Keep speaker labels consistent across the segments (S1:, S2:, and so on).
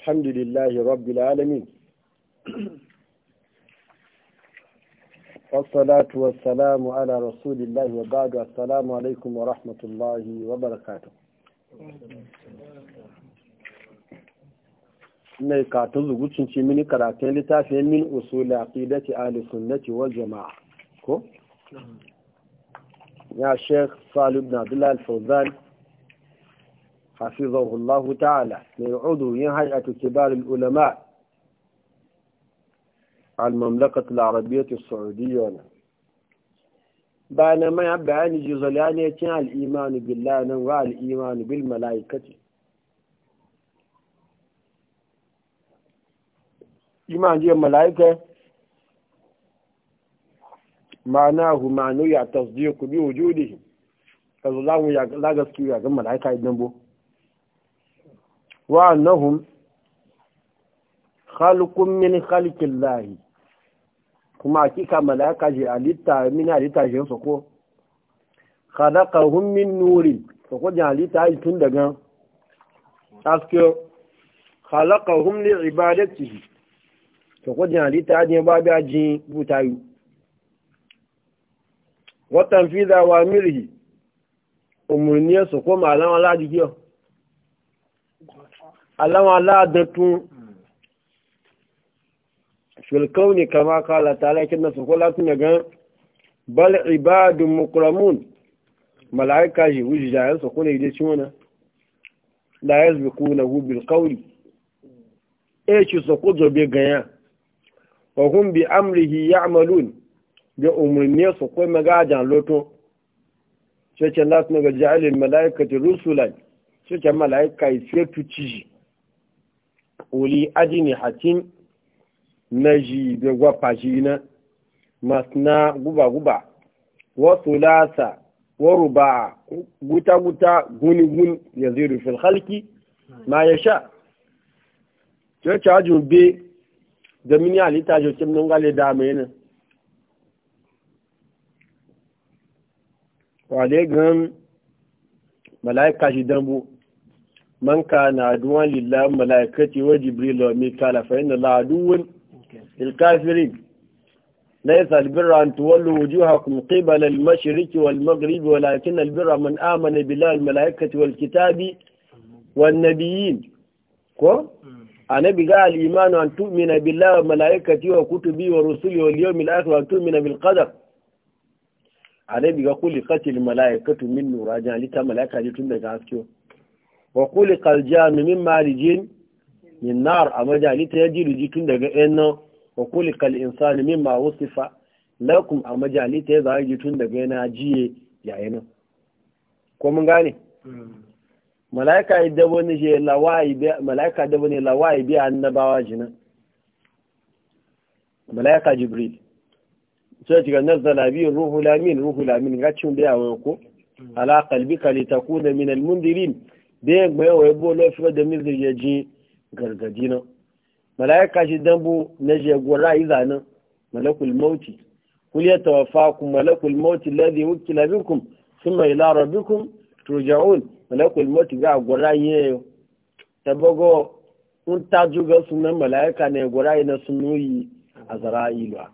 S1: الحمد لله رب العالمين والصلاة والسلام على رسول الله وبعد السلام عليكم ورحمة الله وبركاته mai katun zugucin mini karatun littafin min usuli aqidati sunnati wal jama'a ko ya sheikh salih ibn abdullah حفظه الله تعالى من عضو هيئة كبار العلماء على المملكة العربية السعودية بأن ما يبعاني جزلان يتنع الإيمان بالله والإيمان بالملائكة إيمان جي الملائكة معناه معنوية تصديق بوجودهم فالله لا يقول ملائكة إذن بو wa annahum khalqun min khalqillahi kuma hakika malaka je alita min alita je soko khalaqahum min nuri soko je alita ai tun daga aske khalaqahum li ibadatihi soko je alita je ba bi ajin butayu wa soko ala alama al'adatu filkau ne kama kala tare kin nasu ko latin gan bal ibadu mukramun mala'ika shi wuji jayen su kuna ide ci wani da ya na kuna bil kauli e ci su ku zobe ganya wa hun bi amrihi ya amalun da umarni su kai magajan loto sai ce latin daga ja'ilin mala'ikati rusulan sai ce mala'ika ya fiye uli ajini hatin na ji da gwafa na masna guba-guba wasu lasa waru ba guta-guta guni-gun ya ziru fil halki ma ya sha cece ajin be da mini halitta jokin nan gale dama yana wale gan mala'ika shi dambu man kana aduwan lillahi malaikati wa jibril wa mikala fa inna la aduwwan lil kafirin laysa al birra an tuwallu wujuhakum qibala al mashriqi wal maghribi walakin al birra man amana billahi al malaikati wal kitabi wan nabiyyin ko anabi ga al iman an tu'mina billahi wa malaikati wa kutubi wa rusuli wal yawmil akhir wa tu'mina bil qadar anabi ga kulli qatil malaikatu min nurajan lita malaika ji tun daga haske wa kuli kaljami min marijin min nar a majalita ya ji jikin daga yan nan wa kuli kal insani min ma wusifa lakum a majalita ya zara tun daga yana jiye yayi nan ko mun gane malaika dabo ne shi lawai biya malaika dabo ne lawai bi annabawa jina malaika jibril sai ga nazala bi ruhu lamin ruhu lamin ga cin da yawo ko ala qalbika litakuna min almundirin bai gbaya wa yabo lafiya da mizir ya ji gargadi nan mala'ika shi dambu na jagora yi zanen malakul mauti kul ya tawafa ku malakul mauti ladhi wukila bikum summa ila rabbikum turja'un malakul mauti ga gora yi tabago un taju ga sunan mala'ika ne gora yi na sunuyi a zara'ilwa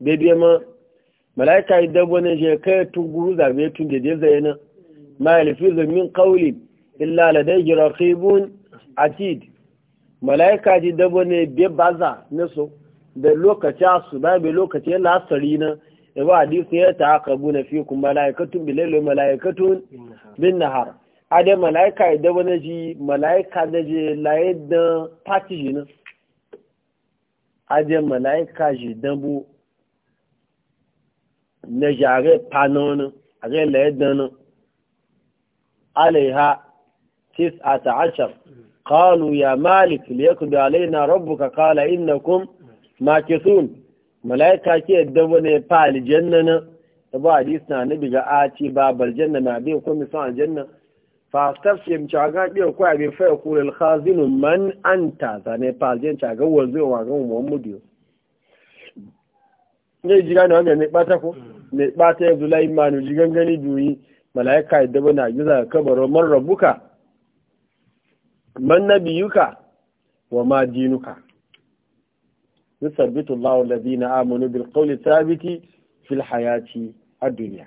S1: bebe ma mala'ika yi dambu na je kai tun guru zabe tun da dai zai nan ma yalfizu min qawlin illa ladayhi raqibun atid malaika ji dabo ne be baza ne so da lokaci su ba be lokaci lasari na ba a hadisi ya ta ta'aqabu na fi kuma malaikatun bilal malaikatun bin nahar ade malaika da na ji malaika da je laye da pati ji na ade malaika ji dambu na jare panon a ga laye da nan alaiha تسعة عشر قالوا يا malik liyaqdi علينا ربك قال إنكم makisun malaika كي da wani fa aljanna na ba hadis na nabi aci ba baljanna na bi ko mi fa tafsir ci ga bi ko abi fa yaqul al khazin man zane fa aljanna ci ga wanzo ne ba ta ne ne ma ne jigan ya duyi mala'ika yadda muna giza kabarin man rabuka man nabiyuka wa ma dinuka yusabbitu Allah allazina amanu bil qawli thabiti fil hayati ad-dunya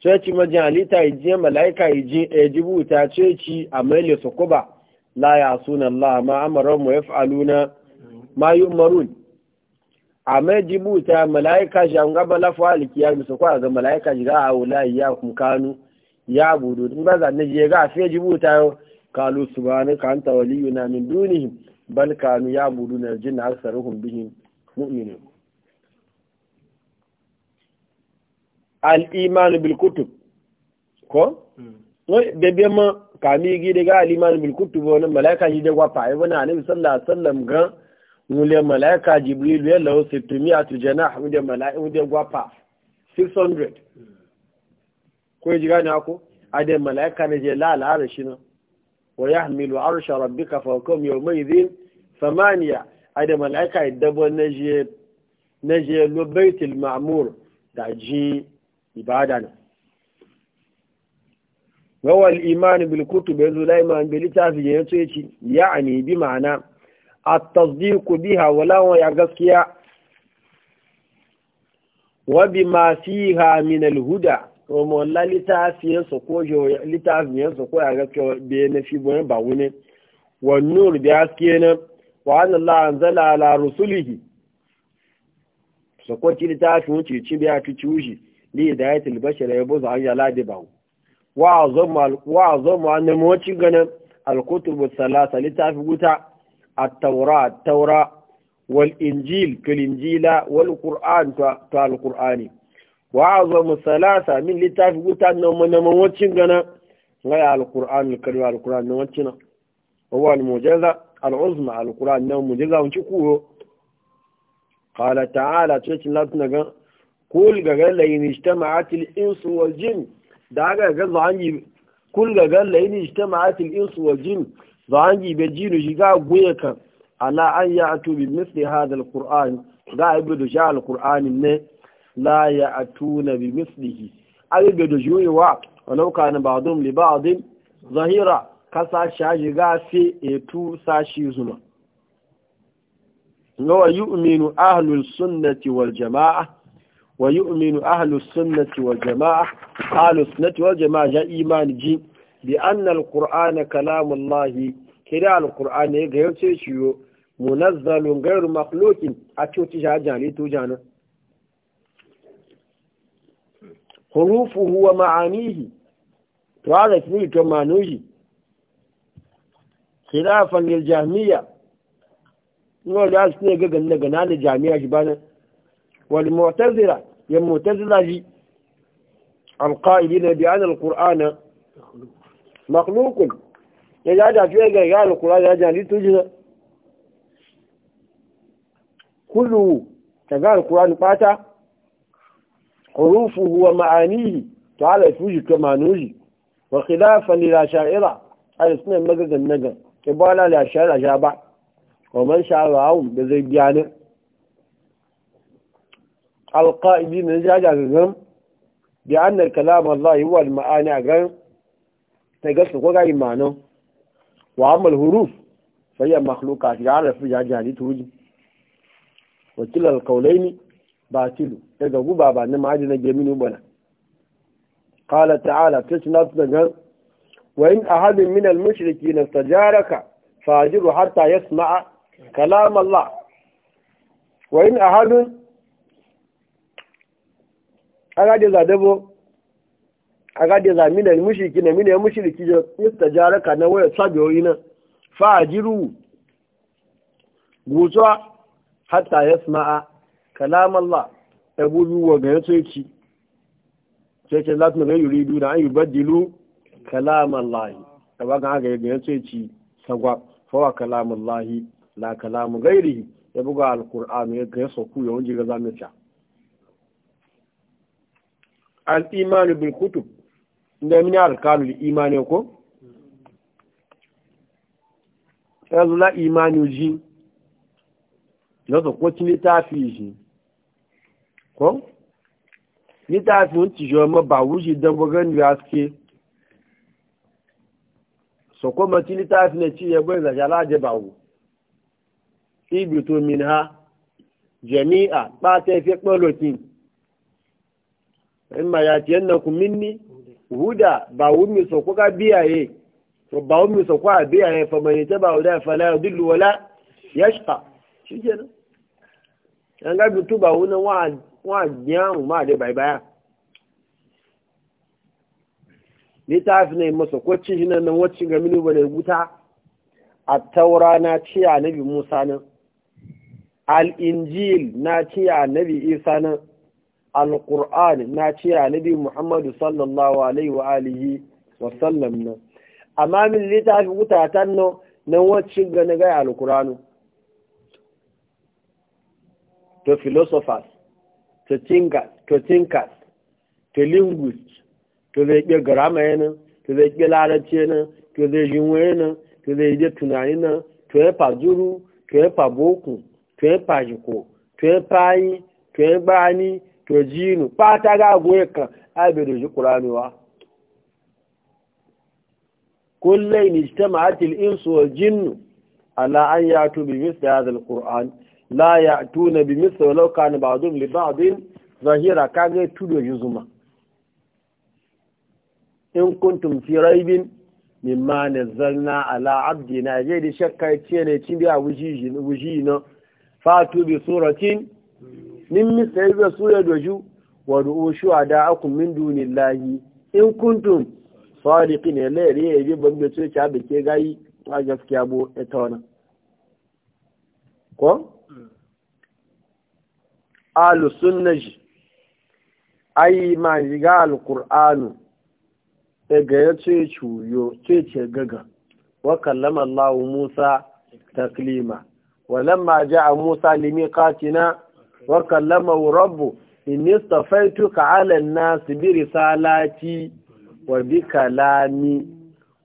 S1: ceci majin alita yaji mala'ika yaji ta ceci amali sukuba la ya sunan Allah ma amaran mu yaf'aluna ma yu'marun amma ta mala'ika shi an gaba lafa alikiya musu kwa ga mala'ika shi ga a wula ya kun kanu ya budu in ba za ne je ga sai ta yau kalu kan ta wali yuna min dunihim bal kanu ya budu na jin na bihim mu'minun bihin mu'mini bil kutub ko da hmm. biyan ma kami gida ga al iman bil kutub mala'ika shi da kwa fa'i wannan annabi sallallahu alaihi wasallam ga wule malaika jibril ya lawo sittumia tu janah wule malaika wule gwapa 600 ko ji gane ako ade malaika ne je la la arshi no wa yahmilu arsha rabbika fawqum yawmaydhin thamania ade malaika idabo ne je lo baitil ma'mur da ji ibada na wa wal iman bil kutub yanzu la bil tafiyati yani bi ma'ana التصديق بها ولا يا غسكيا وبما فيها من الهدى kuma wallah littafiyansa ko littafiyansa ko ya gaske bai na fi bayan ba wani wa nur bi haske na wa an Allah anzala ala rusulihi sokoci littafin wuce ci bi a tuci wuce li hidayatul ya buza an yala wa ci ganin التوراة التوراة والإنجيل كالإنجيل والقرآن القرآن وأعظم ثلاثة من لتافي قلت أنه من موتشن غنى غير القرآن الكريم القرآن نوتشنا هو المجزة العظمى القرآن نوم مجزة ونشكوه قال تعالى تشيش لاتنا قل غير لئن اجتمعت الإنس والجن دعا غير عني كل غير لئن اجتمعت الإنس والجن zangi be jinu shiga guye kan ala an ya atu bi misli hadal qur'an ga ibe do ja al qur'an ne la ya atuna bi mislihi ai be do juyi wa walau kana ba'dum li ba'din zahira kasa shaji ga fi etu sashi zuma wa yu'minu ahlus sunnati wal jama'a wa yu'minu ahlus sunnati wal jama'a ahlus sunnati wal jama'a ja imani ji bi annal qur'ana kalamullahi kida ne ga yace ciyo munazzalun ghairu makhluqin a cuci jani to jana hurufuhu wa ma'anihi to ala kini to manuji khilafan lil jahmiya no da su ne ga ganna ga da jami'a shi bana wal mu'tazila ya mu'tazila ji alqa'ilina bi anna alqur'ana مخلوق يجا جا في جاي قال كل جا لي تجد كله تقال القرآن فاتا حروفه ومعانيه تعالى يفوجي كما نوجد وخلافا إلى شائرة على اسم المجد النجر إبالا لا شائرة جابع ومن شعر عوم بذي بيانه القائدين نجاجا لهم بأن الكلام الله هو المعاني أقام sai ga su koga imanin wa amal huruf sai ya makhluka ya rafi ya wakilar tuji wakil alkaulaini batilu daga guba ba na ma'adi na gemini bana kala ta'ala nasu daga wa in ahadin min al na sajaraka fajiru hatta yasma'a kalam Allah wa in ahadun a da zadebo a ga da zamina mushiki na mina mushriki da jaraka na waya sabiyoyi na fa ajiru hatta hatta yasma'a kalam Allah abubu wa ga yace ki sai ce lati ga yuridu da an yubaddilu kalam Allah kaba ga ga ga yace ki sagwa fa wa kalam Allah la kalam gairihi ya buga alquran ya ga soku ya wunji ga zamita al-iman bil kutub da mini arkanul imani ko yanzu la imani uji, na su ko cini tafi ji ko ni tafi wunci jo ma ba wuji dan bugan ya suke so ko ma cini tafi ne ci ya gwen za jala je ba wu ibitu min ha jami'a ba ta fi kpolokin in ma ya tiyan na ku minni huda ba wumi so kuka biyaye ba wumi so kuka biyaye fa mai ta ba wuda fa la yudillu wala yashqa shikenan an ga mutu ba wuna wa wa jiyan ma dai bai baya ni ta fi ne masa ko ci hinan nan wacce ga mini bane wuta a taura na ci a nabi musa nan al injil na ci a nabi isa nan Alƙur'ani na ce a nabi muhammadu sallallahu alaihi wa alihi wa sallam nan amma min littafi wutatan nan na wacce ga na gaya alƙur'anu to philosophers to thinkers to thinkers to linguists to zai ƙi garama yanin to zai ƙi larabci yanin to zai jinwa yanin to zai je tunani nan to ya fa zuru to ya fa boku to ya fa jiko to ya fa yi to ya bani to jinu fata ga goye kan abiru ji ƙuranuwa kullai ni ta ma'atil insu wa jinnu ala an ya tu bi misla ya zal ƙur'an la ya tu na bi misla wa lauka na ba li ba'adun zahira ka ga tudo yi zuma in kuntum fi raibin mimma nazzalna ala abdina je da shakka ce ne cin biya wuji na fatu bi suratin min misali ba su ya doju wa ru'u a akum min lahi in kuntun. sadiqin ya lairi ya yi ban da tsoci abin ke gayi a gaskiya bo ita wannan ko ahlus sunnah ayi ma jiga alkur'anu e ga ya ce cuyo ce ce gaga wa kallama Allah Musa taklima wa lamma a Musa limiqatina wa kallamahu rabbu inni istafaituka ala an-nasi biri salati wa bi kalami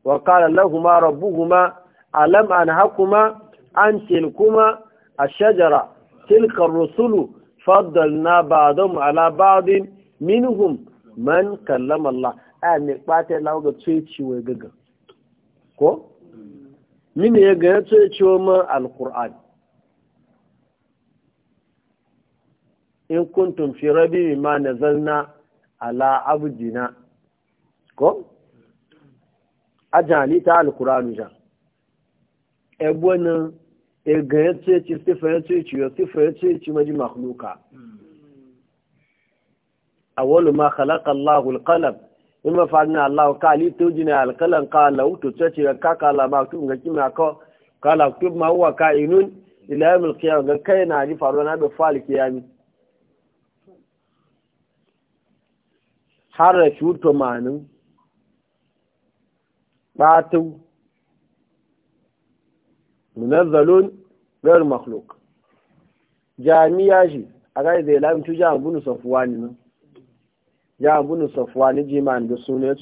S1: wa qala lahumā rabbuhumā alam anhakumā an tilkumā a shajara tilka ar-rusulu faddalnā ba'dahum ala ba'din minhum man kallama Allah a ne kwata lawo ga ciwo gaga ko mine ga ciwo ma al-qur'ani in kuntum fi rabi ma nazalna ala abdina ko ajali ta alquran ja ebona egan ti ci fe ti ci yo sifa ti ci maji makhluka awalu ma khalaqa allah alqalam imma fa'alna allah qali tujina alqalam qala utu tati ci ka kala ma tu ngaki ma ko kala tu ma huwa kainun ila yawm alqiyam kai na ni faruwa na da falki yami Har harafi tumanin batu munazzalun ɗar makhluk jami'a shi a gari da ilamin tu jihar bunu safuwa ne nan jihar bunu safuwa ne jiman da suna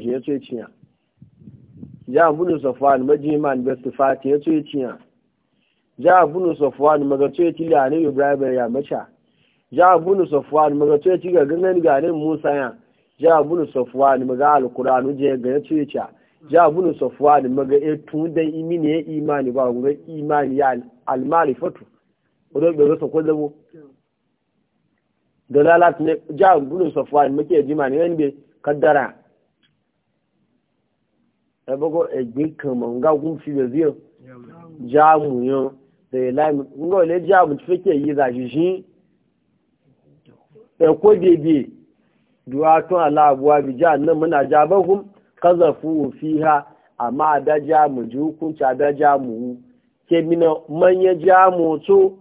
S1: shi ya ce ciya jihar bunu safuwa ne majiman da sifati ya ce ciya jihar bunu safuwa ne magato ya kila ne ibrahim ya maca jihar bunu safuwa ne magato ya ci ga ganin ganin musa ya ja bunu sofuwa ni maga alkur'anu je ga ya ce ta ja bunu sofuwa ni maga e tun dan imini ya imani ba ga imani ya fatu odo be so ko zabo dalalat ne ja bunu sofuwa safwan muke jimani ne be kaddara e bogo e gbin kan mo ga gun fi be zio ja mu yo de lai ngo le ja mu fike yi da jijin e ko dede duwatun ala'abuwa bi ja nan muna jabahum kazafu fiha amma da ja mu ji hukunci da ja mu ke mina manya ja mu to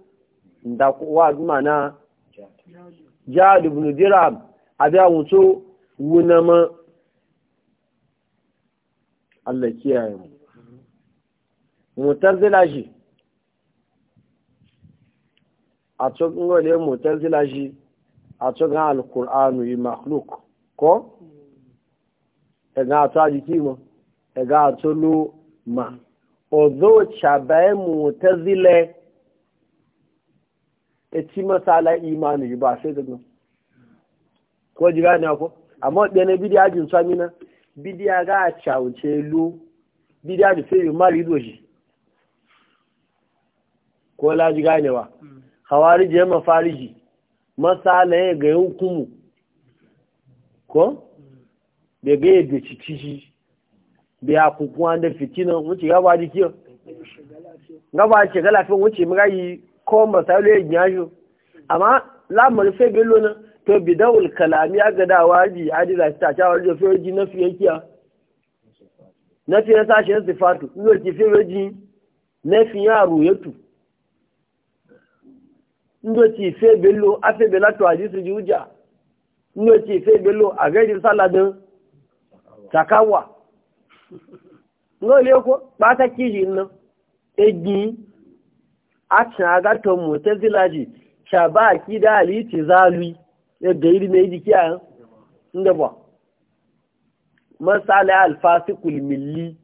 S1: da kowa duma na ja dubnu diram a da mu to wuna ma Allah kiyaye mu motar shi a cikin gole motar shi a cikin alkur'anu yi makhluk ko? ẹ̀gá àtọ́ àjíkí mọ́ ẹ̀gá àtọ́ ló mà ọ̀dọ́ ṣàbẹ́ mú tẹ́sílẹ̀ etí mọ́sálá ìmánu yìí bá ṣe gbogbo kó jìgá ní ọkọ́ àmọ́ ọ̀gbẹ́ni bídí àjò ń sọmí ná bídí àgá àṣà òṣè ló bídí àjò fèrè má rí dòṣì kó lájú gáà ní wa àwárí jẹ́ mọ́ fáríjì. masala ya ga hukumu ko da ga yadda cicici da ya kukuwa da fitinan wuce gaba da kiyo gaba ce ga lafiyan wuce mura yi ko masala ya gina amma lamar sai bello na to bidawul kalami ya ga da waji adila ta ta wajen feroji na fiye kiya na fiye sashen sifatu zuwa ki feroji na fiye a ruyetu ndoci fe bello afe bela to su juja uja ndoci fe bello a ga gaidin saladin sakawa ngo le ko ba bata kiji nan egi a can aga to mu te zilaji shaba ki da ali ti zalui e gairi me idi kiya nda ba masala al fasiqul milli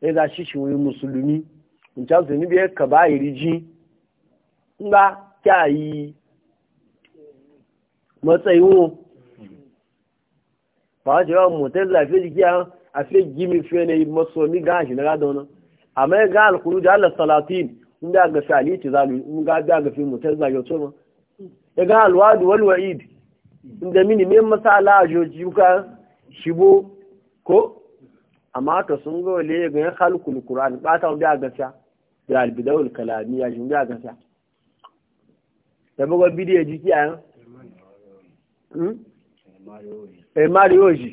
S1: e da shi shi musulmi in ta zuni biye kabairi jin. nga yi matsayin wo ba wace yawon motar lafiya jiki a fi gimi fi na yi maso ni ga shi na gada wani amma ya ga alkuru da allah salatin inda a ga shali ci zalu in ga da ga fi motar zage to ma ya ga alwadu wani wa'id inda mini mai masala a joji ka shibo ko amma ka sun ga wale ya ga ya halkul kuran ba ta da ga sha da albidawul ya shi da ga sha tẹ̀bọ́gọ́ bídíò ju kí à ń ẹ̀ òjì.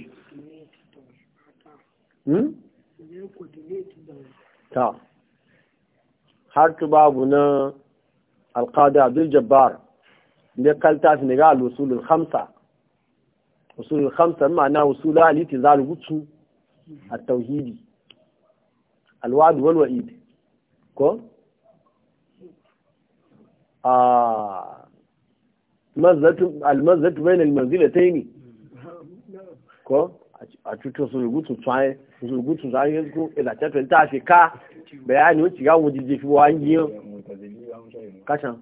S1: ta har tu babu na alkada abdul jabbar da kalta fi daga al'usulul hamsa usulul hamsa ma'ana usula aliti za rubutu a tauhidi alwadu walwa'id ko a almazatu bayan almanzila ta yi ne ko a cutar surgutu tsaye surgutu tsaye ko zuko ilatatun ta fi ka bayani wacce ga wajen jefi wa an yi kashan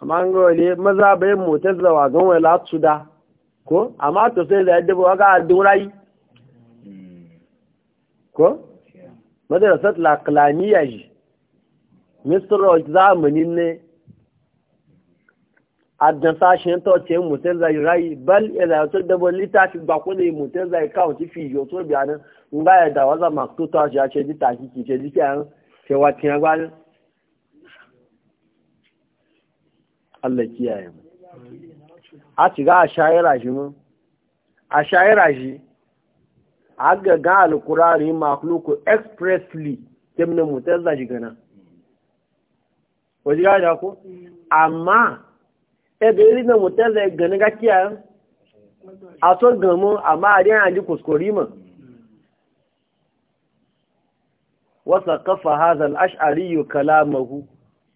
S1: amma an gawa ne maza bayan motar zawa ganwai latsu da ko amma to sai da yadda ba ga adon rayu ko madrasat laqlaniya ji misra zamanin ne adan sashen to ce mutel zai rai bal ila to da bon litafi ba ko ne mutel zai kawo ti fi yo to bi anan da waza ma to ta a ce di taki ki ce di ce wa tin Allah kiyaye mu a shiga a shayira shi mu a shayira shi aga ga alkurari makluku expressly kemna mutazza jigana wajiga da ko amma e da na mutazza gani gakiya a so gamu amma a dai an ji kuskuri mun wasa kafa hadha al-ash'ari kalamahu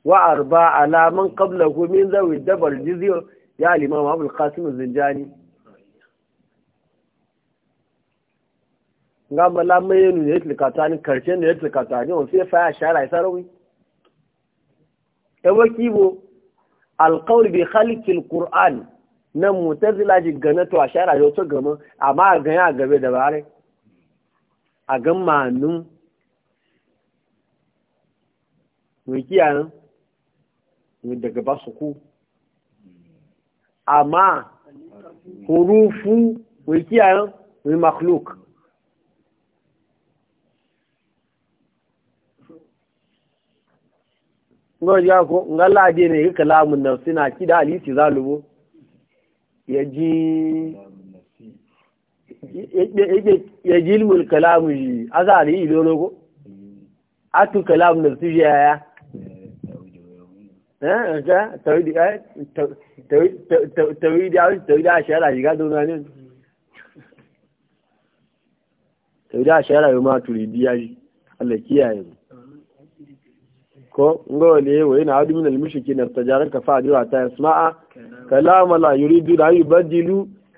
S1: wa arba'a alaman qablahu min zawi dabar jizya ya al-imam abu al zinjani nga mala mai nu ne tilkata ni karshe ne tilkata ni on sai fa ya shara e sarawi e al qawl bi al qur'an na mutazila ji gana to a shara yau to gama amma a ganya a gabe da bare a gan manun wikiya nan daga basu ku amma hurufu kiya nan wi makhluk ngo ya ko de ne kalamun nafsi na kida alisi zalubo yaji yaji ilmul kalamu azali iloro ko atu kalamun nafsi ya ya eh ka tawidi eh tawidi ya tawidi a shara shiga dona ne tawidi a shara ma turidiya Allah kiyaye mu ko ngole wa yana hadu min al-mushriki na tajaran ka fa'adi wa ta yasma'a kalam Allah yuridu la yubaddilu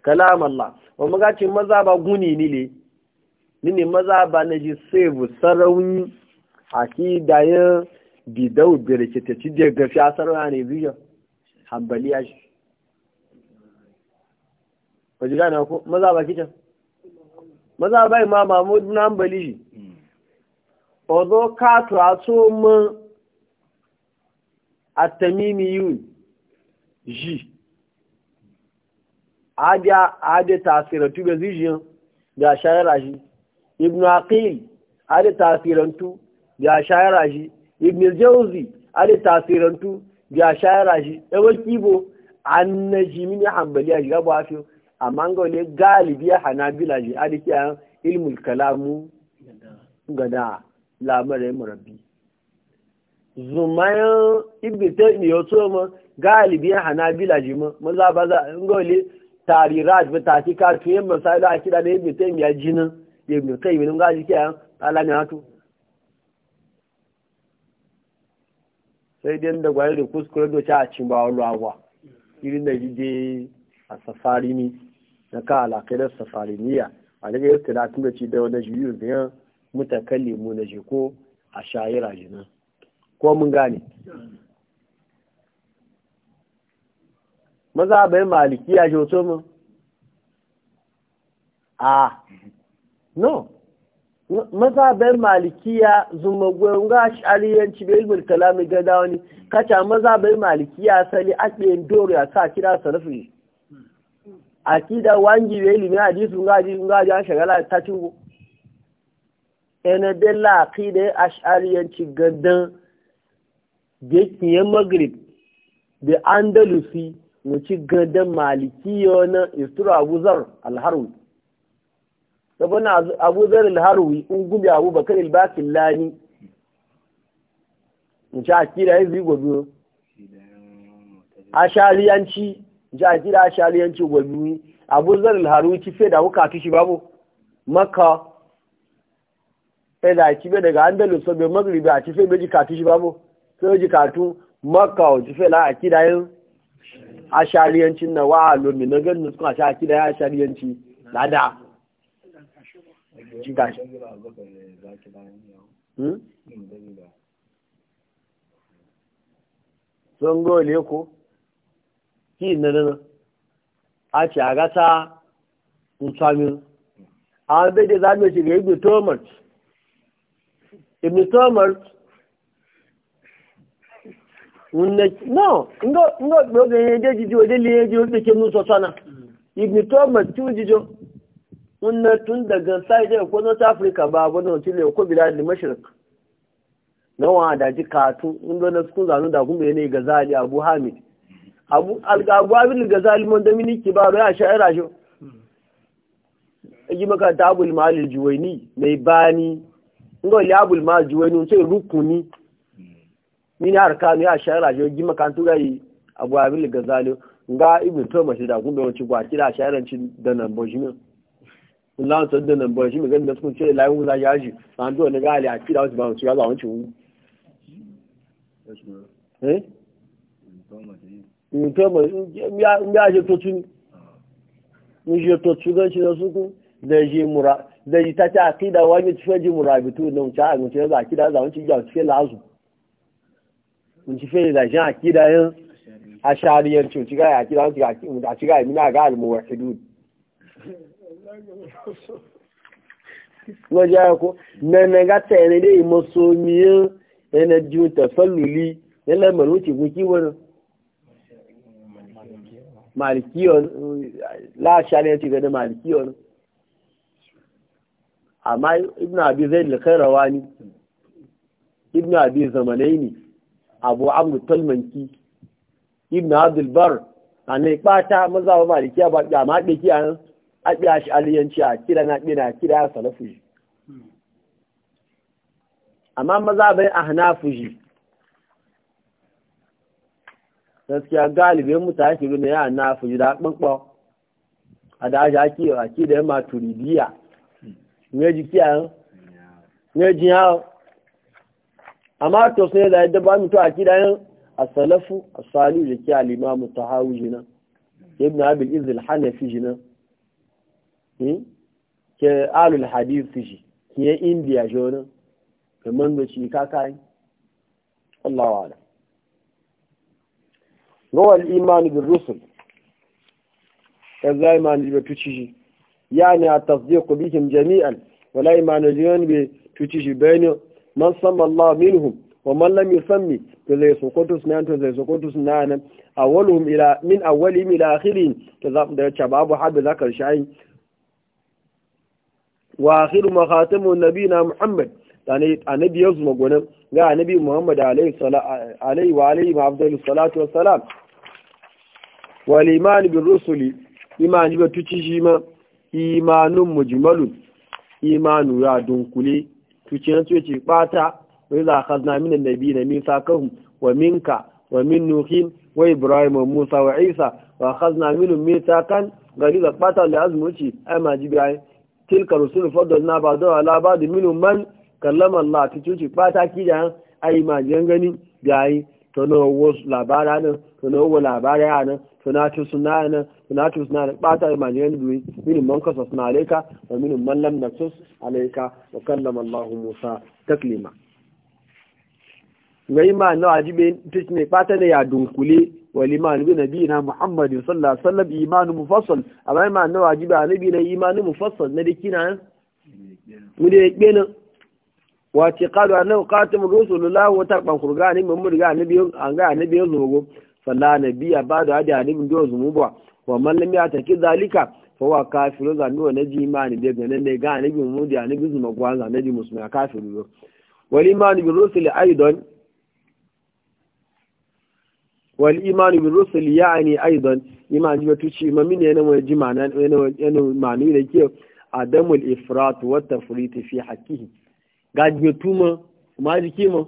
S1: kalam Allah wa maga ce maza ba guni ni ne ni ne maza ba na ji save sarauni akida ya bidau birke ta ci da gafi asarwa ne biyo hambaliya shi ba ji gane ko maza ba kicin maza ba ma mamudu na hambali shi hmm. Odo ka to a so mun at-tamimiyun ji adiya adiya tasirantu ga zijin ga shayara shi ibn aqil adiya tasirantu ga shayara shi ibn jawzi adiya tasirantu ga shayara shi ɗawar kibo an na ji mini hambali a shiga ba a amma ga wani galibi ya hana bila ji adiya ilmul kalamu gada lamarin murabbi zumayan ibita iyo to mo galibi bilaji mo mo za ba za tari tarirat ba taki ka tuye masala akida da ibita ya jina ibn qayyim ji gaji ke ni atu sai dai da gwari kuskure do cha cin ba wallo agwa irin da jide a safari ni na ka ni safariniya a daga yau tilatun da ci da wani jiyu biyan mutakallimu na jiko a shayira jinan ko mun gane maza bai ya shi wato mu a no maza bai ya zuma goyon ga aliyanci bai ilmul kalami gada wani kaca maza bai ya sali ake yin doro ya sa kira sarfi da wangi bai ilmi hadisu ga gaji ga ji an shagala ta cingo ene della akida ashariyanci gadan bekiyen magrib da andalusi wuci gadon malikiyo na isturu abuzar alharwi Sabon abuzar alharwi in gumi abubakar ilbakin lani wuci a kira ya zai gobe ashariyanci wuci a kira ashariyanci gobe abuzar alharwi ci fai da wuka tushi babu maka fai da ci daga andalusi, sabbin magribi a ci fe beji katushi babu sai ji katu makka wa jifela a kidayen ashariyancin na wa alomi na ganin suka sha kidayen ashariyanci lada jikashi hmm? sun gole ko ki na nana a ce a gata mutsamin an bai da zamiya shiga ibi tomart ibi tomart no ngo ngo gbe ga ye de jijo de le je de ke mun so sana ibn thomas tu jijo wannan tun daga side ko north africa ba ko no chile ko bilad mashriq na wa da ji katu ndo na su zanu da kuma ne gazali abu hamid abu algagwabil gazali mon dominiki ba ro ya sha'ira shi yi maka tabul mal juwaini mai bani ngo ya abul mal juwaini sai rukuni mini harka ni a shayar a jirgin yi abu abin da gazali ga to thomas da kuma kira a da cin da nan bojimin Allah ta da nan bojimin ganin da sun ce layin wuza ya ji an do ne gali a kira wasu ba wasu ya ba ci wu eh ibn thomas ya ya je to ni je to da su ku da je mura da ta ta akida wani tsaje murabitu nan ta an ce za da wancin ya ce lazu nci fe da jin akida yin ashariyanci nci ga akida nci a ci ga imina ga almuwahidun wọ́n ti fún kí wọ́n màlìkíọ̀n láàṣàlẹ̀ ti gẹ̀dẹ̀ màlìkíọ̀n àmá ibùn àbí zẹ́ ìlẹ̀kẹ́rọ̀ wá ní ibùn àbí zamanẹ́ abu amru talmanki ibn abdul bar a ne kpata, maza ba malikiya ba A maɗe kiyan a biya shi aliyanci a kira na na kira salafu shi amma maza bai a hanafu fushi. gaskiya galibin mutane shiru ya hanafu fushi. da ɓanɓa a da aji ake a da ya turidiya ne ji ne ji amma to sai da yadda ba mutu a kidayen as-salafu as-salih da ke al-imam tahawi na ibn al izz al-hanafi jina hmm? ke alul hadith ji ke india jona kaman da shi kakai Allahu a'lam ala al-iman bil rusul kaza imani bi tuci yani at-tasdiq bihim jami'an wala imani bi tuci bayni man sama Allah minhum wa man lam yusammi to zai sokoto suna to zai sokoto suna nan awwaluhum ila min awwalihim ila akhirin to za da yace babu hadu za karshe ayin wa akhiru ma khatamu nabina muhammad tani annabi yanzu magonan ga annabi muhammad alaihi alaihi wa alaihi ma afdalus salatu wassalam wal iman bir rusuli imani batuci shi ma imanun mujmalun imanu ya dunkule tuciyar su ce bata wai za ka zna minan nabi na misa kahun wa minka wa min nuhin wa ibrahim wa musa wa isa wa ka zna minan misa kan gari da bata da azumuci ai ma ji bayan tilka rusul fadal na ba da ala ba da minun man kallama allah tuciyar ce bata ki da ai ma ji gani bayan tono wasu labara nan tono wa labara nan tonatin suna nan sunatu suna da ɓata imaniyan duwi minin man suna alaika da minin mallam na sus alaika wa kallama Allah Musa taklima ngai ma na ajibe tish ne ɓata ne ya dunkule wali ma nabi nabi na Muhammadin sallallahu alaihi wasallam imanu mufassal amma ma na wajibe nabi na imanu mufassal na dikina mu da yake nan wace kadu annabi qatim rasulullah wa tarban qur'ani mun murga annabi an ga annabi yazo go sallallahu nabi ba da hadi annabi do zumu ba wa mallam ta ki zalika fa wa kafiru zanu wa naji imani da ganin ne ga anabi mu da annabi zuma za naji musulmi kafiru yo wal imani bi rusuli aidan wal imani bi rusuli yani aidan imani bi tuci ma min yana wani ne ne manu da ke al ifrat wa tafrit fi hakihi gajiyo tuma ma jiki ma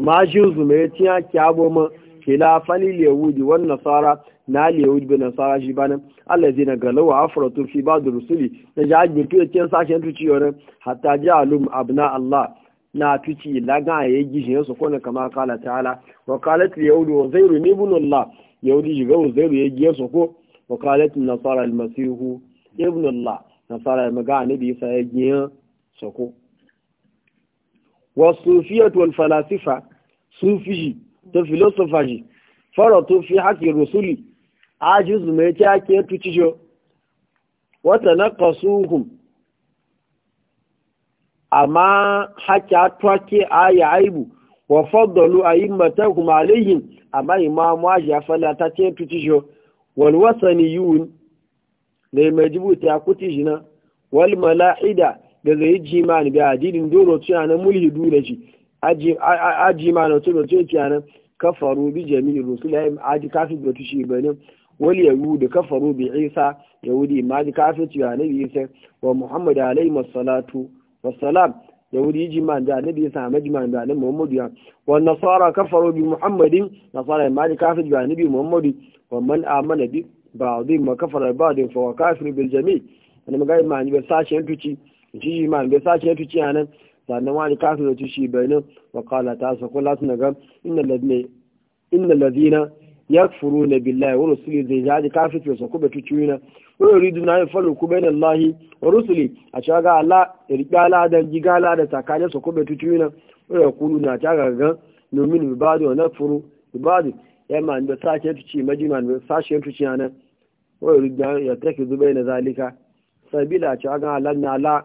S1: ma shi zume ya ciya kyabo ma khilafan yahudi wan nasara na aliyahud na nasara shi bana allah zai na galawa tun fi ba da rusuli na ji ajiyar fiye cikin sashen tuci yau hatta ji alum abna allah na tuci lagan a yi gishin yasu kone kama kala ta'ala wa kalat yahudu wa zairu ne bin allah yahudi shiga wa zairu ya giya su ko wa kalat nasara almasihu ibn allah nasara ya maga annabi isa ya giya su ko wa sufiyat wal falasifa sufi ta filosofa shi fara to fi haƙƙin rusuli ajizu mai ta ke tuci wata na kasuhun amma haki atuwa ke aya aibu wa faddalu a yi matakun alayhim amma imamu aji ya falla ta ce tuci jo wal wasani yiwu da mai jibuta ya kuti jina wal mala'ida da zai ji mani ga adidin doro tuna na mulhidu da shi aji mani tuna tuna tuna kafaru bi jami'in rusul ya yi aji kafin da tushi wal yahudu kafaru bi isa yahudi ma ji kafirci ga annabi isa wa muhammad alaihi salatu wassalam yahudi ji man da annabi isa ma ji man da annabi muhammadu ya wa nasara kafaru bi muhammadin nasara ma ji kafirci ga annabi muhammadu wa man amana bi ba'dhi ma kafara ba'dhin fa wa kafir bil jami' ana magai ma ni be sashen tuci ji ma be sashen tuci anan sannan wani kafin da tushe bayanin wakala ta sa kula suna ga inna ladina yakfuru na billahi wa rusuli zai jaji kafin su kuma tuciyu na wani ridu na yin falo kuma yin lahi wa rusuli a caga ala irga ala da gigala da tsakanin su kuma tuciyu na wani kulu na caga ga nomin ibadu wa nakfuru ibadu ya ma da sashe tuci majima da sashe tuci na wani ridu na ya take zuba yana zalika sabila a caga ala na ala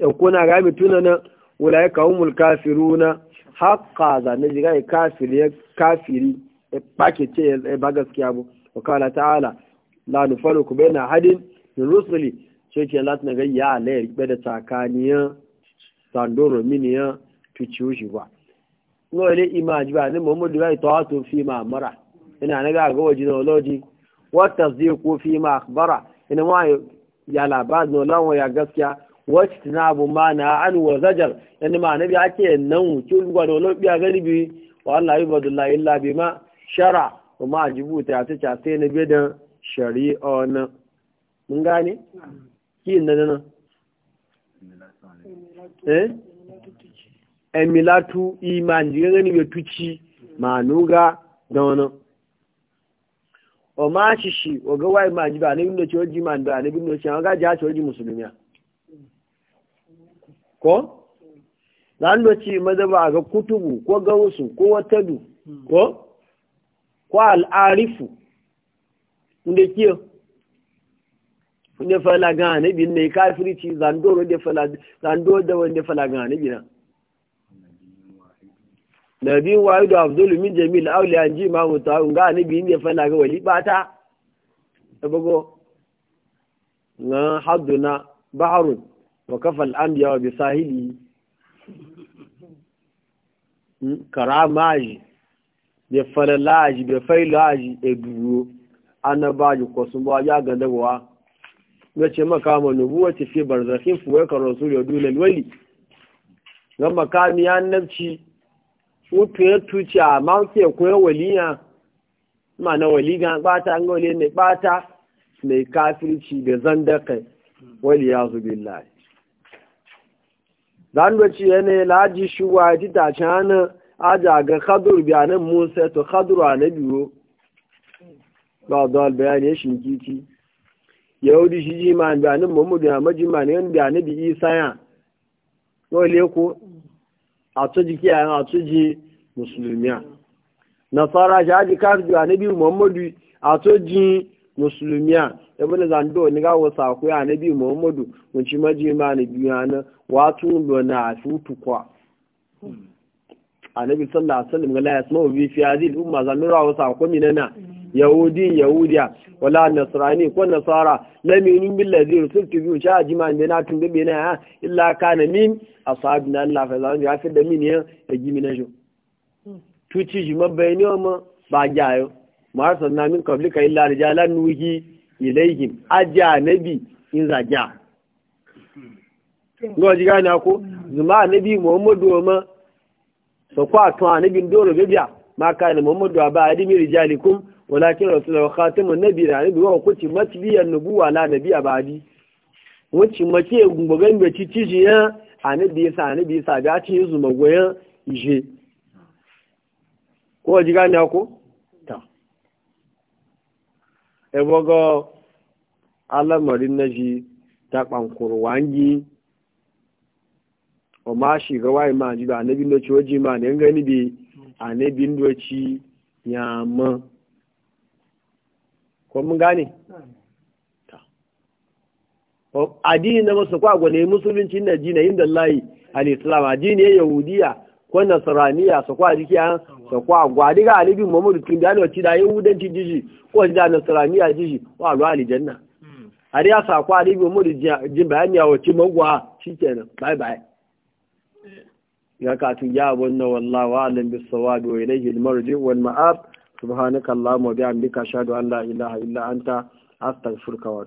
S1: ya kuna ga mituna na wula ya kawo mulkafiruna haƙƙa zane jiga ya kafiri ɓake ce ba gaskiya bu wa kala ta'ala la nufaru ku bai na hadin rusuli ce ke latin ga ya alayar gbe da tsakaniyar sandoro shi ba no ile imaji ba ni muhammadu bai tawato fi ma mara ina na ga ga wajen oloji wata zai ko fi ma akbara ina ma ya labar no lawan ya gaskiya wacce na abu ma na an wa zajar yana ma nabi ake nan wuce gwada wani biya gani biyu wa Allah yi badu la illa bi ma shara kuma a jibuta ya tuca sai na bidan shari'a na mun gane? ki na nan eh? emilatu iman jiga gani bai tuci ma nuga da wani o ma shi shi o ga wai ma ji ba ne bindo ciwo ji ma da ne bindo ciwo ga ja ciwo ji musulmiya ko? zan doci maza ba ga kutubu ko gausu ko watadu ko? ko al'arifu inda kiyo wanda fala gane bi ne ci zandoro da fala zandoro da wanda fala gane bi na nabi wahidu abdul min jamil awli an ji ma muta un bi anabi ne fala ga wali bata bago na haduna baharun wa kafa al-anbiya bi sahili hmm, karamaji bai falala la'aji bai faila la'aji a e duro annabaji ko sun ba ya ga dawowa wace makama nubuwa ta fi barzafin fuwai kan rasul ya dole wali ga makami ya nabci wuto ya tuci a mawuke koya waliya ma na wali ga bata an gole ne bata mai kafirci da zandaka wali ya zubi lai zan wace yanayi laaji shuwa ji ta cana aja ga khadur bi anan musa to khadur anabi wo ba da bayani ya shinkiti yahudi shi ji man bi anan muhammadu ya maji man yan bi anabi isa ya ko le ko a to ji kiya a to ji musulmiya nasara shi aji kafir bi anabi muhammadu a to ji musulmiya ibn zando ni ga wasa ko ya nabi muhammadu mun ci maji man bi do na lona futukwa hmm. annabi sallallahu alaihi wasallam la yasma'u bi fi hadhihi al-umma zamira wa saqum minana yahudi yahudiya wala nasrani ko nasara lam yunim bil ladhi rusultu bi sha jima ne na tun be na illa kana min ashabina allah fa zan ya fi da min ya gi min jo tuci jima bayani ma ba jayo ma sanna min ka illa rijalan nuhi ilaihim nabi in zaja ngo jiga na ko zuma nabi muhammadu ma so ko a tun anabin doro gabiya ma ka ne muhammadu aba adimi rijalikum walakin rasulullah khatamun nabi da nabi wa kuci matbiyan nubuwa la nabi abadi wuci mace gumbagan da ci ci ya anabi yasa anabi yasa ga ci zuma goyon ije ko ji gani ko ta e bogo na naji ta kankuru wangi wa ma shiga wai ma ji da annabi no ci waji ma ne gani bi annabi ndo ci ya ma ko mun gane addini na musu kwa gwane musulunci na jina inda layi al-islam addini ya yahudiya ko nasaraniya su kwa jiki an su kwa gwa diga alibi muhammadu tun da alwaci da yahudanci jiji ko da nasaraniya jiji wa alwa alijanna hmm. ari ya sa kwa alibi muhammadu jin bayani a wace magwa shikenan bye bye ya kati ya wannan wa alim bis sawab wa ilayhi al marji wal ma'ab subhanaka allahumma bihamdika ashhadu an la ilaha illa anta astaghfiruka wa